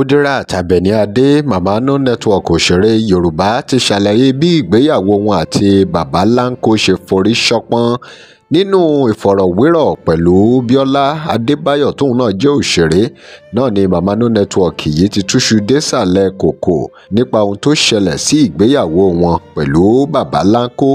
kudirat abẹniadé mamano network òṣèré yorùbá ti ṣàlàyé bí ìgbéyàwó wọn àti babaláńkó ṣe forí ṣánpọ́n nínú ìfọ̀rọ̀wérọ̀ pẹ̀lú bíọ́lá adébáyọ̀ tóun náà jẹ́ òṣèré náà ni mamano network yìí ti túṣu désàlẹ̀ kòkò nípa ohun tó ṣẹlẹ̀ sí ìgbéyàwó wọn pẹ̀lú babaláńkó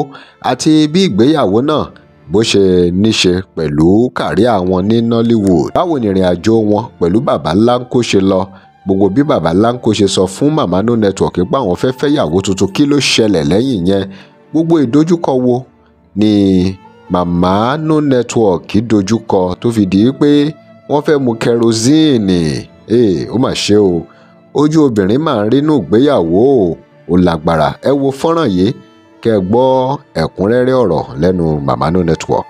àti bí ìgbéyàwó náà bó ṣe níṣe pẹ̀lú kàrí àwọn ní Nollywood báwo ni ìrìn àjò wọn pẹ̀lú baba ńlá ń ṣe lọ gbogbo bí baba Lanko ṣe sọ fún Mama No Network pé àwọn fẹ́ fẹ́yàwó tuntun kí ló ṣẹlẹ̀ lẹ́yìn yẹn gbogbo ìdojúkọ wo ni Mama No Network dojúkọ tó fi di pé wọ́n fẹ́ mu kẹrosíìnì ee ó mà ṣe o ojú obìnrin máa ń rínú ìgbéyàwó ò lágbára ẹ wo fọ́nrán yìí kẹ́ gbọ́ ẹ̀kúnrẹ́rẹ́ ọ̀rọ̀ lẹ́nu Mama No Network.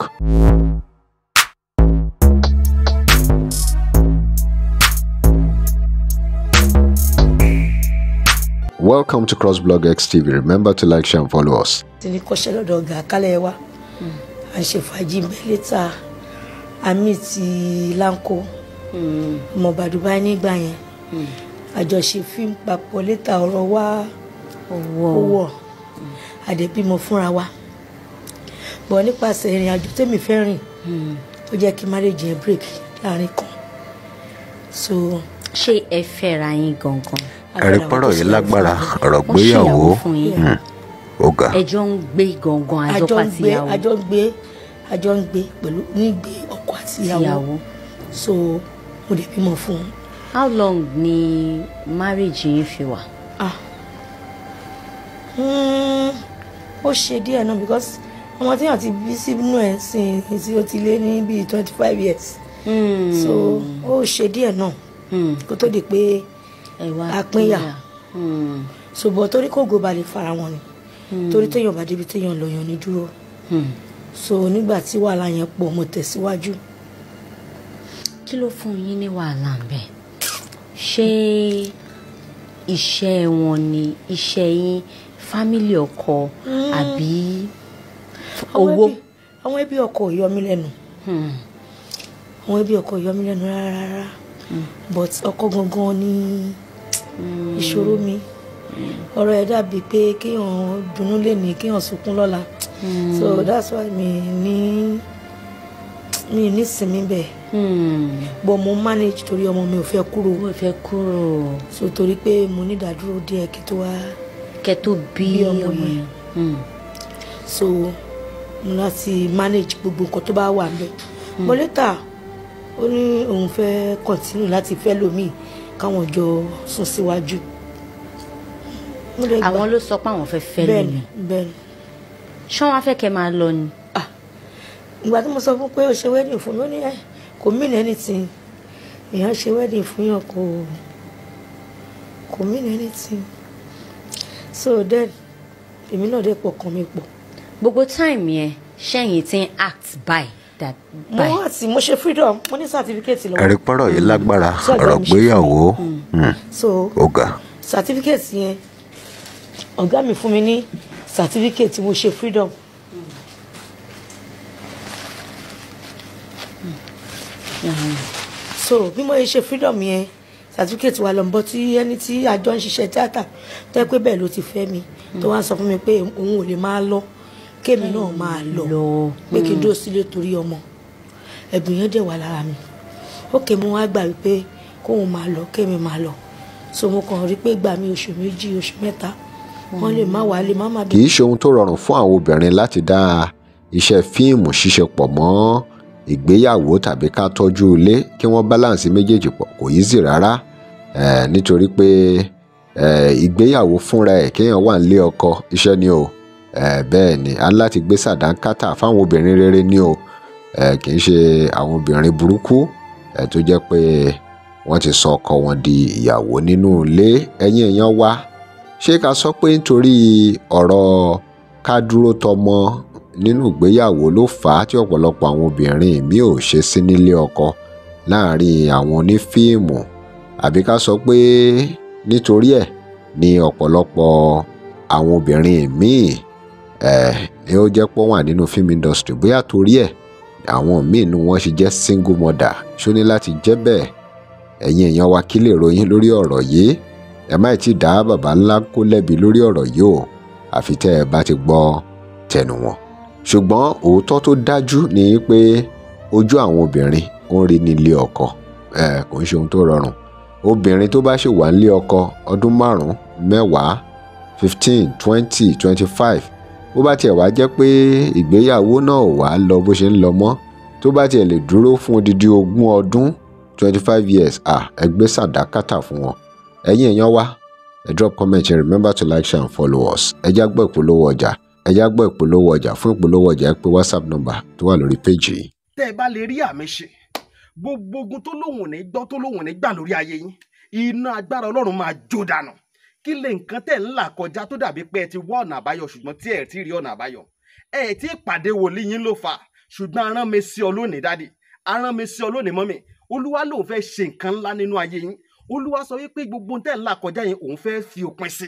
welcome to crossblog xtv remember to like share and follow us. Tini ní kọ́ṣẹ́ lọ́dọ̀ ọ̀gá kálẹ̀ wa à ń ṣe fàájì mẹ́lẹ́ta àmì ti lanko hmm. ọmọọba Dubai nígbà yẹn àjọṣe hmm. fíìmù papọ̀ lẹ́tà ọ̀rọ̀ wa owó àdẹ̀bímọ fúnra wa bọ̀ nípasẹ̀ ìrìn àjò tèmi fẹ́ rìn hmm. ó jẹ́ kí marriage yẹn break láàrin kan so. ṣé ẹ fẹ́ra yín gangan ẹ̀rípọ̀rọ̀ yìí lágbára ọ̀rọ̀ gbéyàwó ọ̀gá. Hmm. ẹjọ́ ń gbé gangan àjọpọ̀ àtìyàwó. àjọ ń gbé àjọ ń gbé pẹ̀lú nígbé ọkọ àtìyàwó so mo dẹ̀ bímọ fún un. how long ni marriage yìí fi wà. ah hmm, ó ṣe díẹ̀ náà because ọmọ tí yàn ti bí sínú ẹ̀ sìn tí ó ti lé ní bíi twenty five years. Mm. so ó ṣe díẹ̀ náà hmm. kó tó di pé àpínyà ṣùgbọ́n hmm. torí kò gòba lè fara wọn ni hmm. torí téèyàn bá débi téèyàn lọ yàn ní dúró hmm. so nígbà tí wàhálà yẹn pọ̀ mo tẹ̀síwájú. kí ló fún yín ní wàhálà ń bẹ ṣé iṣẹ́ wọn ni iṣẹ́ yín fámìlì ọkọ àbí owó. àwọn ẹbí ọkọ ò yọ àwọn ẹbí ọkọ ò yọ mí rárá but ọkọ gangan ni. Hmm Mm. ìṣòro mi mm. ọ̀rọ̀ ẹ̀ dàbí pé kéèyàn dunnú lèmi kéèyàn sunkún lọ́la mm. so that's why mi ní mi ní sinmi bẹ́ẹ̀ but mo manage torí ọmọ mi ò fẹ́ kúrò ò fẹ́ kúrò so torí pé mo ní ìdádúró díẹ̀ kí tó wá kẹ́ tó bí ọmọ yẹn so mo láti manage gbogbo nǹkan tó bá wà ń bẹ̀ but later ó ní òun fẹ́ continue láti fẹ́ lómi káwọn jọ sún síwájú. àwọn ló sọ pé àwọn fẹ́ fẹ́ lé mi. bẹ́ẹ̀ni ṣọ́n wá fẹ́ kẹ́ máa lọ ni. ìgbà tí mo sọ fún pé o ṣe wedding fún mi ó ní ẹ kò mean anything èèyàn ṣe wedding fún yàn kò kò mean anything so then èmi náà dé pọ̀ kàn mí pọ̀. gbogbo time yẹn ṣẹ́yìn ti ń act báyìí that by. mo wá mo ṣe freedom mo ní certificate lọ. ẹ̀rí pọ́rọ̀ yìí mm. lágbára ọ̀rọ̀ gbéyàwó ọ̀gá. Mm. Hmm. certificate yẹn ọ̀gá mi fún mi ní certificate tí mo ṣe freedom. Mm. so bí mo ṣe freedom yẹn certificate wa lọ́nbọ́ tí ẹni tí àjọ ń ṣiṣẹ́ tíátà tẹ́ pé bẹ́ẹ̀ ló ti fẹ́ mi tó wá sọ fún mi pé òun ò lè máa lọ kémi náà máa lọ pé kí n hmm. dúró sílé torí ọmọ ẹ̀bùn yẹn dẹ̀ wà lára mi ó kè mí wọ́n á gbà wípé kóun máa lọ kémi máa lọ so mo kàn rí pé gbà mí oṣù méjì oṣù mẹ́ta wọ́n lè má wàá lè má má bí. kì í ṣe ohun tó rọrùn fún àwọn obìnrin láti dá iṣẹ́ fíìmù ṣíṣe pọ̀ mọ́ ìgbéyàwó tàbí ká tọ́jú ilé kí wọ́n báláǹsì méjèèjì pọ̀ kò easy rárá eh, nítorí pé eh, ìgbéyàwó fúnra ẹ̀ kéèyàn wà nílé ọkọ iṣẹ́ ni o bẹ́ẹ̀ ni a láti gbé sàdánkátà fáwọn obìnrin rere ni o kì í ṣe àwọn obìnrin burúkú tó jẹ́ pé wọ́n ti sọ ọkọ wọn di ìyàwó nínú ilé ẹ̀yin èèyàn wa ṣé ká sọ pé nítorí ọ̀rọ̀ ká dúró tọmọ nínú ìgbéyàwó ló fà á tí ọ̀pọ̀lọpọ̀ àwọn obìnrin mi ò ṣe sí nílé ọkọ láàrin àwọn onífíìmù àbí ká sọ pé nítorí ẹ̀ ni ọ̀pọ̀lọpọ̀ àwọn obìnrin míì ni ó jẹ́ pọ́ wà nínú film industry bóyá torí ẹ̀ àwọn míì inú wọn ṣe jẹ́ single mother ṣó ní láti jẹ́ bẹ́ẹ̀ ẹ̀yin èèyàn wa kí lè ròyìn lórí ọ̀rọ̀ yìí ẹ má ti dá bàbá ńlá kó lẹ́bi lórí ọ̀rọ̀ yìí o àfi tẹ́ ẹ bá ti gbọ́ tẹnu wọn. ṣùgbọ́n òótọ́ tó dájú ni pé ojú àwọn obìnrin ó ń rí ní ilé ọkọ ẹ kò ń ṣe ohun tó rọrùn obìnrin tó bá ṣe wà nílé ọkọ ọdún márùn-ún mẹ́wàá fifteen twenty twenty five bó bá tiẹ̀ wá jẹ́ pé ìgbéyàwó náà wà á lọ bó ṣe ń lọ mọ́ tó bá tiẹ̀ lè dúró fún odidi ogún ọdún twenty five years ah ẹgbẹ́ sàdákàtà fún wọn ẹ̀yin èèyàn wa ẹ drop comment and remember to like share and follow us ẹ já gbọ́ ìpolówó ọjà ẹ já gbọ́ ìpolówó ọjà fún ìpolówó ọjà ẹ pè whatsapp number tó wà lórí péjì yìí. tẹ́ ẹ bá lè rí àmì ṣe gbogbo ogun tó lóhùn ní gbọ́ tó lóhùn ní gbà lórí ayé yín iná agbára ọlọ́run máa jó dànù kí lè nǹkan tẹ̀ ń là kọjá tó dàbí pé ẹ ti wá ọ̀nà àbáyọ ṣùgbọ́n tí ẹ ti rí ọ̀nà àbáyọ ẹ ti pàdé wòlíì yín ló fà ṣùgbọ́n arán mi sí ọ lónìí dádì arán mi sí ọ lónìí mọ́mì olúwa lòun fẹ́ ṣe nǹkan ńlá nínú ayé yín olúwa sọ wípé gbogbo tẹ̀ ń là kọjá yẹn òun fẹ́ fi òpin sí